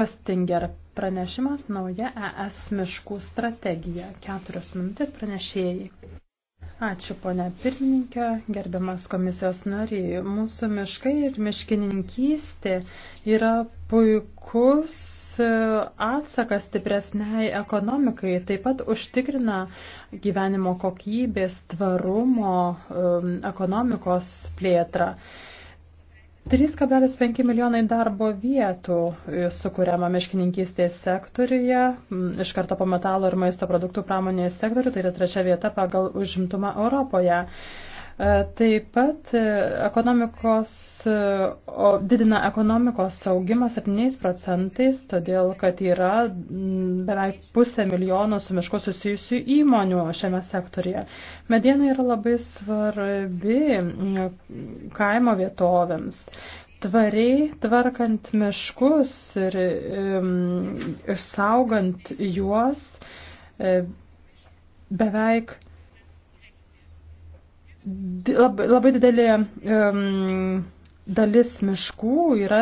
Pastinger pranešimas nauja ES miškų strategija. Keturios minutės pranešėjai. Ačiū, ponia pirmininkė, gerbiamas komisijos nariai. Mūsų miškai ir miškininkystė yra puikus atsakas stipresniai ekonomikai, taip pat užtikrina gyvenimo kokybės, tvarumo, um, ekonomikos plėtrą. 3,5 milijonai darbo vietų e, sukūriama miškininkystės sektoriuje, iš karto po metalo ir maisto produktų pramonės sektorių, tai yra trečia vieta pagal užimtumą Europoje. E, taip pat e, ekonomikos, e, o, didina ekonomikos saugimą 7 procentais, todėl kad yra beveik pusę milijono su mišku susijusių įmonių šiame sektorėje. Mediena yra labai svarbi kaimo vietovėms. Tvariai tvarkant miškus ir išsaugant juos beveik labai, labai didelė um, dalis miškų yra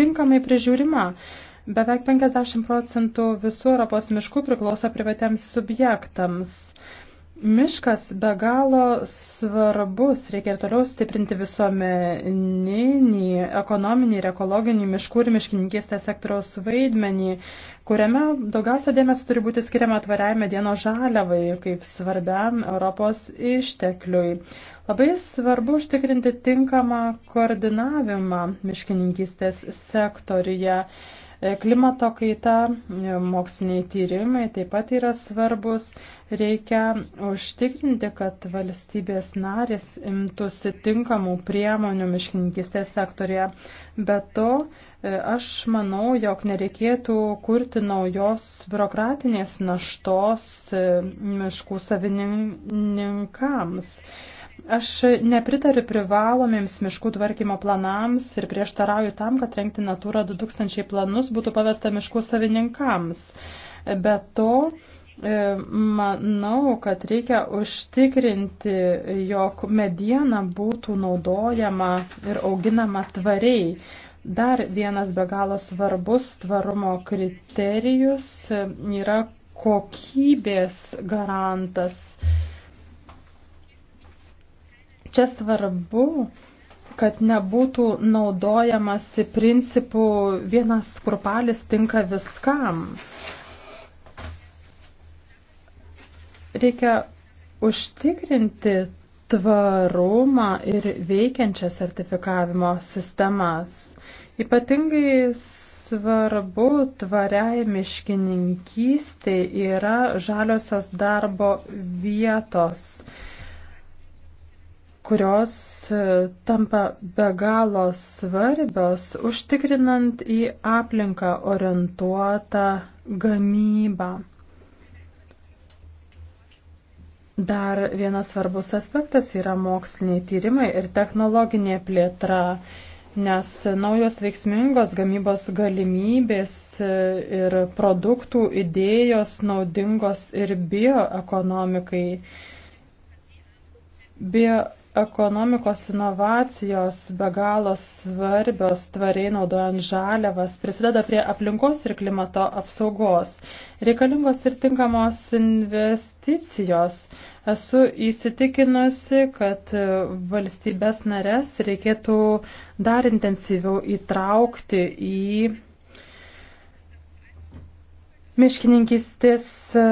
tinkamai prižiūrima. Beveik 50 procentų visų Europos miškų priklauso privatiems subjektams. Uh, Miškas be galo svarbus, reikia ir toliau stiprinti visuomeninį, ekonominį ir ekologinį miškų ir miškininkystės sektoriaus vaidmenį, kuriame daugiausia dėmesio turi būti skiriama tvariai medieno žaliavai kaip svarbiam Europos ištekliui. Labai svarbu užtikrinti tinkamą koordinavimą miškininkystės sektoriuje. E, klimato kaita, e, moksliniai tyrimai taip pat yra svarbus. Reikia užtikrinti, kad valstybės narės imtųsi tinkamų priemonių miškininkistės sektorėje. Be to, e, aš manau, jog nereikėtų kurti naujos biurokratinės naštos miškų savininkams. Aš nepritariu privalomiems miškų tvarkymo planams ir prieštarauju tam, kad renkti Natūra 2000 planus būtų pavesta miškų savininkams. Be to, e, manau, kad reikia užtikrinti, jog mediena būtų naudojama ir auginama tvariai. Dar vienas be galo svarbus tvarumo kriterijus yra kokybės garantas. Čia svarbu, kad nebūtų naudojamasi principų vienas krupalis tinka viskam. Reikia užtikrinti tvarumą ir veikiančias sertifikavimo sistemas. Ypatingai svarbu tvariai miškininkystė yra žaliosios darbo vietos kurios e, tampa be galo svarbios užtikrinant į aplinką orientuotą gamybą. Dar vienas svarbus aspektas yra moksliniai tyrimai ir technologinė plėtra, nes naujos veiksmingos gamybos galimybės e, ir produktų idėjos naudingos ir bioekonomikai. Bio ekonomikos inovacijos be galo svarbios tvariai naudojant žaliavas prisideda prie aplinkos ir klimato apsaugos. Reikalingos ir tinkamos investicijos. Esu įsitikinusi, kad valstybės narės reikėtų dar intensyviau įtraukti į miškininkistės e,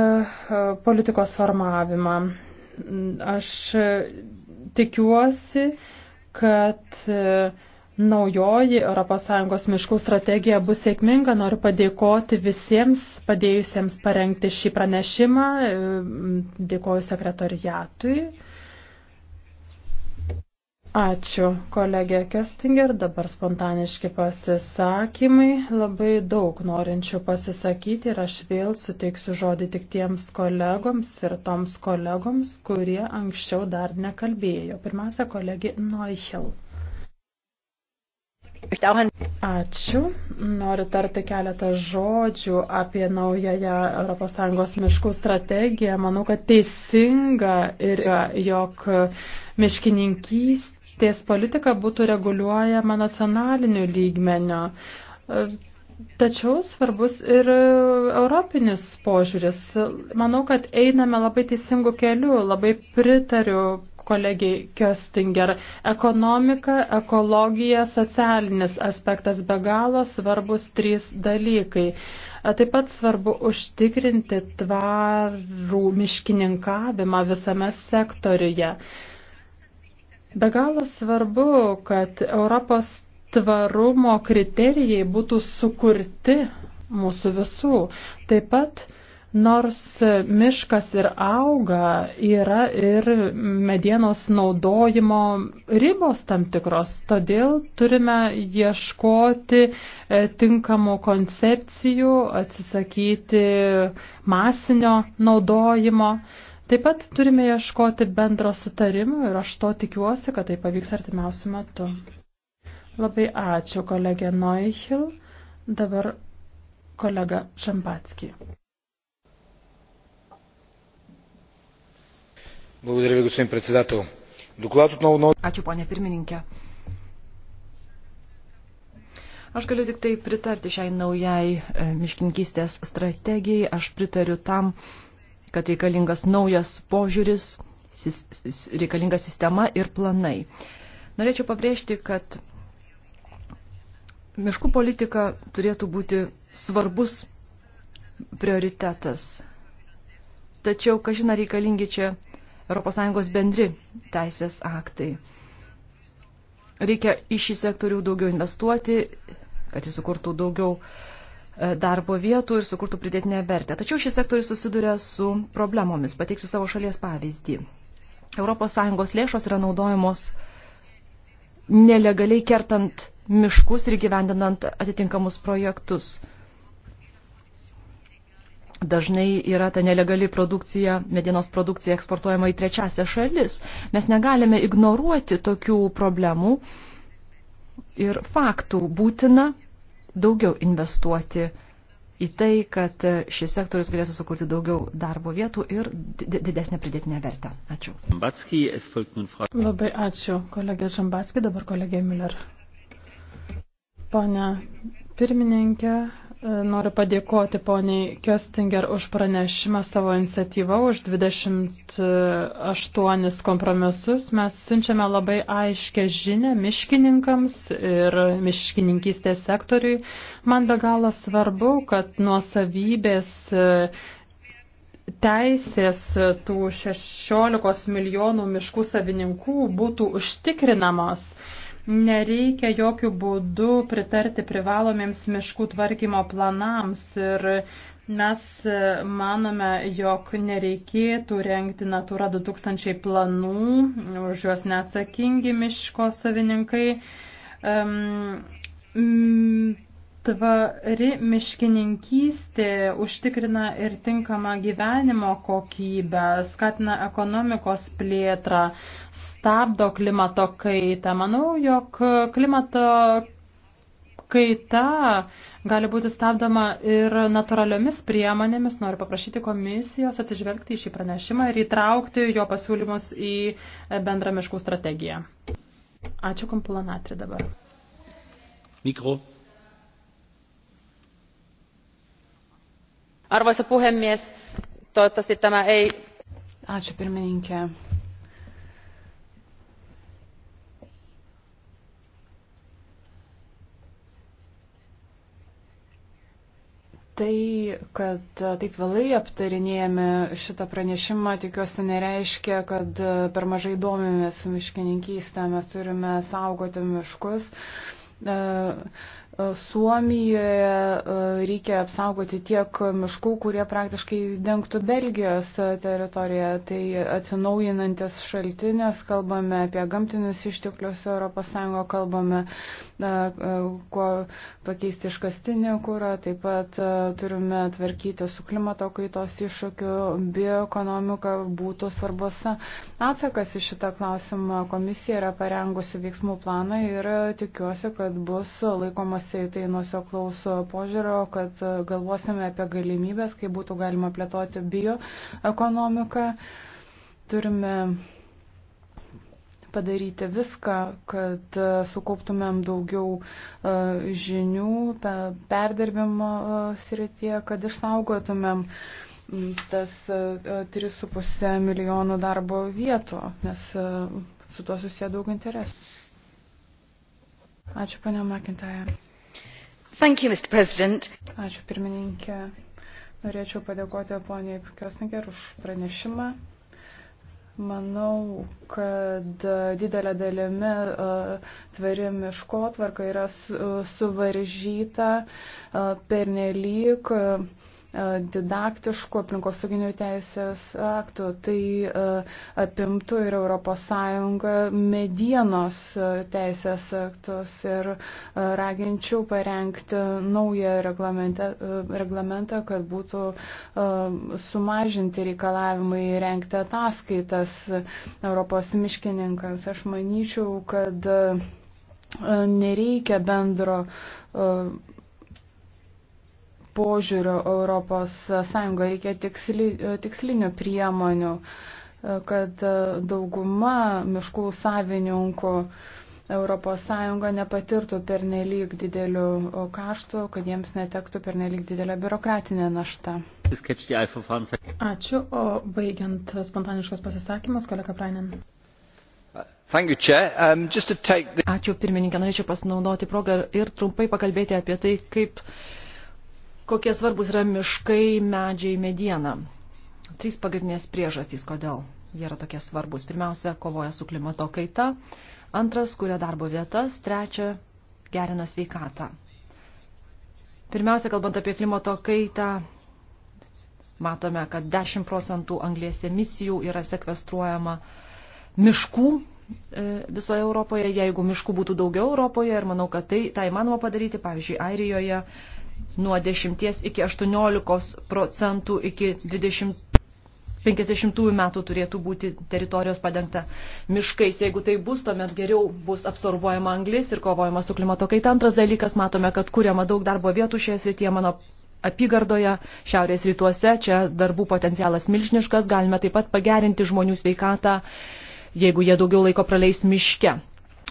politikos formavimą. Aš e, tikiuosi, kad e, naujoji ES miškų strategija bus sėkminga. Noriu padėkoti visiems padėjusiems parengti šį pranešimą. E, dėkoju sekretoriatui. Ačiū, kolegė Kestinger. Dabar spontaniški pasisakymai. Labai daug norinčių pasisakyti ir aš vėl suteiksiu žodį tik tiems kolegoms ir toms kolegoms, kurie anksčiau dar nekalbėjo. Pirmiausia, kolegė Noichel. Ačiū. Noriu tarti keletą žodžių apie naująją ES miškų strategiją. Manau, kad teisinga ir jog miškininkys ties politika būtų reguliuojama nacionaliniu lygmeniu. Tačiau svarbus ir europinis požiūris. Manau, kad einame labai teisingu keliu, labai pritariu kolegiai Köstinger. Ekonomika, ekologija, socialinis aspektas be galo svarbus trys dalykai. Taip pat svarbu užtikrinti tvarų miškininkavimą visame sektoriuje. Be galo svarbu, kad Europos tvarumo kriterijai būtų sukurti mūsų visų. Taip pat, nors miškas ir auga, yra ir medienos naudojimo ribos tam tikros. Todėl turime ieškoti e, tinkamų koncepcijų, atsisakyti masinio naudojimo. Taip pat turime ieškoti bendro sutarimo ir aš to tikiuosi, kad tai pavyks artimiausių metų. Labai ačiū kolegė Noichil, dabar kolega Šampatski. Благодаря ви, господин председател. Доклад отново на... Ačiū, ponė pirmininkė. Aš galiu tik tai pritarti šiai naujai e, miškinkystės strategijai. Aš pritariu tam, kad reikalingas naujas požiūris, reikalinga sistema ir planai. Norėčiau pabrėžti, kad miškų politika turėtų būti svarbus prioritetas. Tačiau, kažina, reikalingi čia ES bendri teisės aktai. Reikia į šį sektorių daugiau investuoti, kad jis sukurtų daugiau uh, E, darbo vietų ir sukurtų pridėtinę vertę. Tačiau šis sektorius susiduria su problemomis. Pateiksiu savo šalies pavyzdį. ES lėšos yra naudojamos nelegaliai kertant miškus ir gyvendinant atitinkamus projektus. Dažnai yra ta nelegali produkcija, medienos produkcija eksportuojama į trečiasią šalis. Mes negalime ignoruoti tokių problemų ir faktų būtina daugiau investuoti į tai, kad šis sektorius galėtų sukurti daugiau darbo vietų ir didesnę pridėtinę vertę. Ačiū. Labai ačiū, kolegė Žambatski, dabar kolegė Miller. Pone pirmininkė, Noriu padėkoti poniai Köstinger už pranešimą savo iniciatyvą, už 28 kompromisus. Mes siunčiame labai aiškę žinę miškininkams ir miškininkystės sektoriui. Man be galo svarbu, kad nuosavybės e, teisės tų 16 milijonų miškų savininkų būtų užtikrinamas. Nereikia jokių būdų pritarti privalomiems miškų tvarkymo planams ir mes manome, jog nereikėtų renkti Natura 2000 planų, už juos neatsakingi miško savininkai. Um, Tvari miškininkystė užtikrina ir tinkamą gyvenimo kokybę, skatina ekonomikos plėtrą, stabdo klimato kaitą. Manau, jog klimato kaita gali būti stabdoma ir natūraliomis priemonėmis. Noriu paprašyti komisijos atsižvelgti į šį pranešimą ir įtraukti jo pasiūlymus į bendrą miškų strategiją. Ačiū kompulanatri dabar. Mikro. arvoisa puhemies toivottavasti tämä ei. ačiū pirmininke. Tai, kad taip vėlai aptarinėjame šitą pranešimą, tikiuosi nereiškia, kad per mažai domimės miškininkystę, mes turime saugoti miškus. Uh, E, Suomijoje e, reikia apsaugoti tiek miškų, kurie praktiškai dengtų Belgijos teritoriją. Tai atsinaujinantis šaltinės, kalbame apie gamtinius išteklius ES, kalbame, e, kuo pakeisti iškastinį kūrą, taip pat turime tvarkyti su klimato kaitos iššūkiu, bioekonomika būtų svarbus atsakas į šitą klausimą. Komisija yra parengusi veiksmų planą ir tikiuosi, kad bus laikomas vystimosi į tai nuoseklaus požiūrio, kad galvosime apie galimybės, kaip būtų galima plėtoti bioekonomiką. Turime padaryti viską, kad sukauptumėm daugiau e, žinių perdirbimo e, srityje, kad išsaugotumėm tas 3,5 e, milijonų darbo vietų, nes su tuo susiję daug interesų. Ačiū, ponia Makintaja. You, Ačiū pirmininkė. Norėčiau padėkoti poniai Kiosninger už pranešimą. Manau, kad didelė dalimi e, tvari miškotvarka yra suvaržyta e, per nelik E, didaktiškų aplinkosauginių teisės aktų. Tai e, apimtų ir ES medienos e, teisės aktus ir raginčiau parengti naują reglamentą, kad būtų sumažinti reikalavimai rengti ataskaitas Europos miškininkams. Aš manyčiau, kad nereikia bendro požiūrio Europos Sąjungoje, reikia tiksli, tikslinių priemonių, kad dauguma miškų savininkų Europos Sąjunga nepatirtų pernelyg didelių kaštų, kad jiems netektų pernelyg didelę biurokratinę naštą. Ačiū, o baigiant spontaniškos pasisakymus, kolega Prainin. You, um, the... Ačiū pirmininkė, norėčiau pasinaudoti progą ir trumpai pakalbėti apie tai, kaip uh, kokie svarbus yra miškai, medžiai, mediena. Trys pagrindinės priežastys, kodėl jie yra tokie svarbus. Pirmiausia, kovoja su klimato kaita, antras, kuria darbo vietas, trečia, gerina sveikatą. Pirmiausia, kalbant apie klimato kaitą, matome, kad 10 procentų anglės emisijų yra sekvestruojama miškų e, visoje Europoje, jeigu miškų būtų daugiau Europoje ir manau, kad tai, tai manoma padaryti, pavyzdžiui, Airijoje nuo 10 iki 18 procentų iki 20 50 metų turėtų būti teritorijos padengta miškais. Jeigu tai bus, tuomet geriau bus absorbuojama anglis ir kovojama su klimato kaita. Antras dalykas, matome, kad kuriama daug darbo vietų šioje srityje mano apygardoje, šiaurės rytuose. Čia darbų potencialas milžiniškas. Galime taip pat pagerinti žmonių sveikatą, jeigu jie daugiau laiko praleis miške.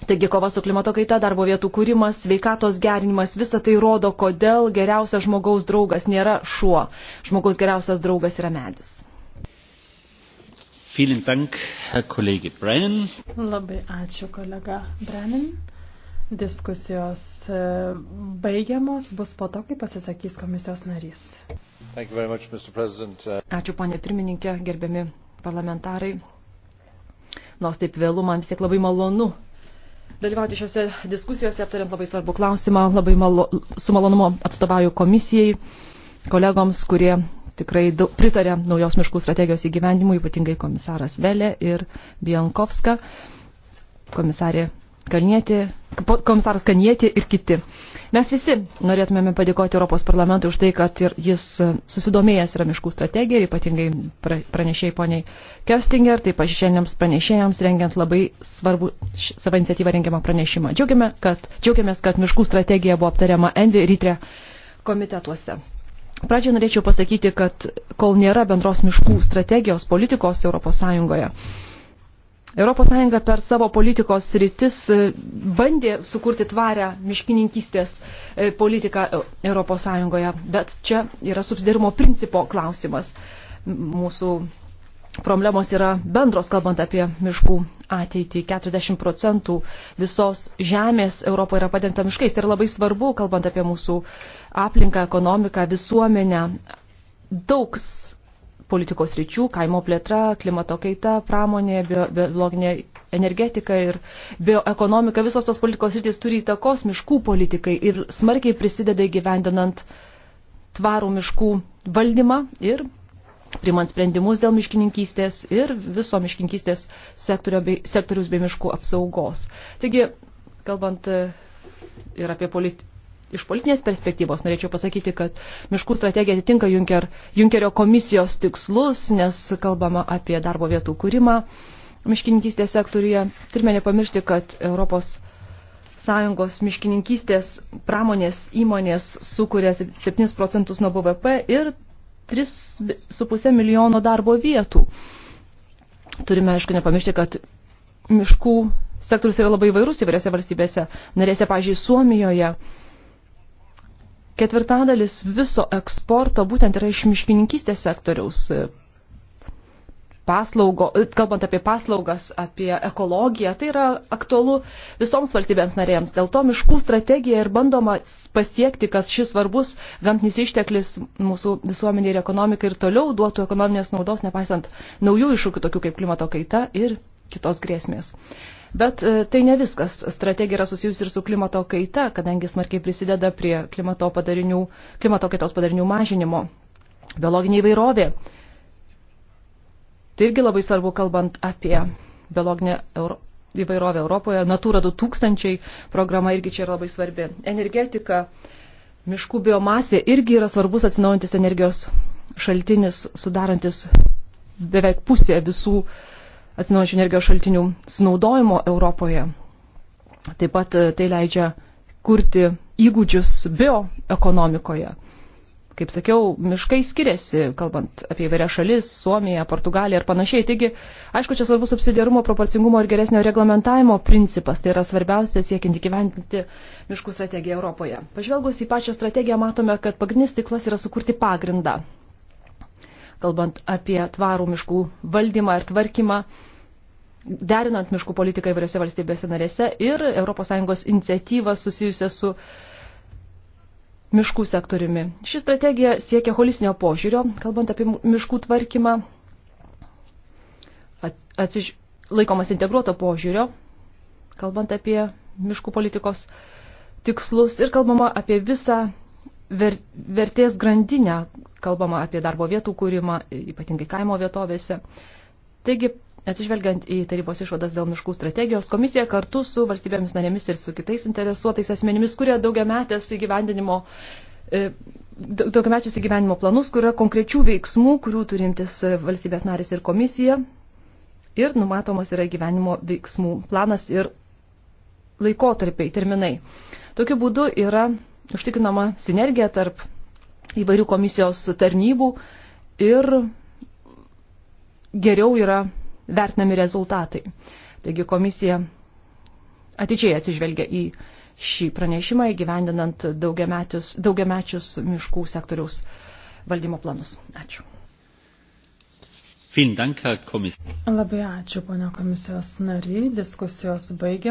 Taigi kova su klimato kaita, darbo vietų kūrimas, sveikatos gerinimas, visa tai rodo, kodėl geriausias žmogaus draugas nėra šuo. Žmogaus geriausias draugas yra medis. Dank, Labai ačiū kolega Brennan. Diskusijos e, baigiamos bus po to, kai pasisakys komisijos narys. Much, uh, ačiū, ponė pirmininkė, gerbiami parlamentarai. Nors taip vėlu, man vis tiek labai malonu dalyvauti šiuose diskusijose, aptariant labai svarbų klausimą. Labai malo, su malonumu atstovauju komisijai, kolegoms, kurie tikrai daug, pritarė naujos miškų strategijos įgyvendimui, ypatingai komisaras Velė ir Biankovska, komisarė Kalnietė, komisaras Kalnietė ir kiti. Mes visi norėtumėme padėkoti Europos parlamentui už tai, kad ir jis susidomėjęs yra miškų strategija ir ypatingai pranešėjai poniai Kestinger, taip pat šiandienams pranešėjams rengiant labai svarbu savo iniciatyvą rengiamą pranešimą. Džiaugiame, kad, džiaugiamės, kad miškų strategija buvo aptariama Envi Rytre komitetuose. Pradžioje norėčiau pasakyti, kad kol nėra bendros miškų strategijos politikos Europos Sąjungoje, ES per savo politikos rytis e, bandė sukurti tvarę miškininkystės e, politiką ES, bet čia yra subsidirimo principo klausimas. Mūsų problemos yra bendros, kalbant apie miškų ateitį. 40 procentų visos žemės Europoje yra padengta miškais. Tai yra labai svarbu, kalbant apie mūsų aplinką, ekonomiką, visuomenę. Daug politikos ryčių - kaimo plėtra, klimato kaita, pramonė, biologinė energetika ir bioekonomika. Visos tos politikos rytis turi įtakos miškų politikai ir smarkiai prisideda įgyvendinant tvarų miškų valdymą ir primant sprendimus dėl miškininkystės ir viso miškininkystės bei, sektorius bei miškų apsaugos. Taigi, kalbant ir apie politi iš politinės perspektyvos norėčiau pasakyti, kad miškų strategija atitinka Junker, Junkerio komisijos tikslus, nes kalbama apie darbo vietų kūrimą miškininkystės sektoriuje. Turime nepamiršti, kad Europos Sąjungos miškininkystės pramonės įmonės sukuria 7 procentus nuo BVP ir 3,5 milijono darbo vietų. Turime, aišku, nepamiršti, kad miškų sektorius yra labai įvairus įvairiose valstybėse. Narėse, pažiūrėjau, Suomijoje ketvirtadalis viso eksporto būtent yra iš miškininkystės sektoriaus. E, paslaugo, e, kalbant apie paslaugas, apie ekologiją, tai yra aktualu visoms valstybėms narėms. Dėl to miškų strategija ir bandoma pasiekti, kas šis svarbus gamtinis išteklis mūsų visuomenė ir ekonomika ir toliau duotų ekonominės naudos, nepaisant naujų iššūkių, tokių kaip klimato kaita ir kitos grėsmės. Uh, Bet e, tai ne viskas. Strategija yra susijusi ir su klimato kaita, kadangi smarkiai prisideda prie klimato, padarinių, klimato kaitos padarinių mažinimo. Biologinė įvairovė. Tai irgi labai svarbu, kalbant apie biologinę Euro įvairovę Europoje. Natūra 2000 programa irgi čia yra labai svarbi. Energetika, miškų biomasė irgi yra svarbus atsinaujantis energijos šaltinis, sudarantis beveik pusė visų uh, atsinaujančių energijos šaltinių sunaudojimo Europoje. Taip pat e, tai leidžia kurti įgūdžius bioekonomikoje. Kaip sakiau, miškai skiriasi, kalbant apie įvairias šalis, Suomiją, Portugaliją ir panašiai. Taigi, aišku, čia svarbus subsidiarumo, proporcingumo ir geresnio reglamentavimo principas. Tai yra svarbiausia siekiant įgyventinti miškų strategiją Europoje. Pažvelgus į pačią strategiją, matome, kad pagrindinis tikslas yra sukurti pagrindą. Kalbant apie tvarų miškų valdymą ir tvarkymą, derinant miškų politiką įvairiose valstybėse narėse ir ES iniciatyvas susijusią su miškų sektoriumi. Ši strategija siekia holistinio požiūrio, kalbant apie miškų tvarkymą, atsiž... laikomas integruoto požiūrio, kalbant apie miškų politikos tikslus ir kalbama apie visą ver... vertės grandinę, kalbama apie darbo vietų kūrimą, ypatingai kaimo vietovėse. Taigi Atsižvelgiant į tarybos išvadas dėl miškų strategijos, komisija kartu su valstybėmis narėmis ir su kitais interesuotais asmenimis kuria daugiametės įgyvendinimo e, daugiamečius įgyvenimo planus, kur yra konkrečių veiksmų, kurių turimtis valstybės narės ir komisija. Ir numatomas yra gyvenimo veiksmų planas ir laikotarpiai, terminai. Tokiu būdu yra užtikrinama sinergija tarp įvairių komisijos tarnybų ir geriau yra vertinami rezultatai. Taigi komisija atidžiai atsižvelgia į šį pranešimą įgyvendinant daugiamečius, daugiamečius miškų sektoriaus valdymo planus. Ačiū. Dank, Labai ačiū, ponio komisijos nariai. Diskusijos baigė.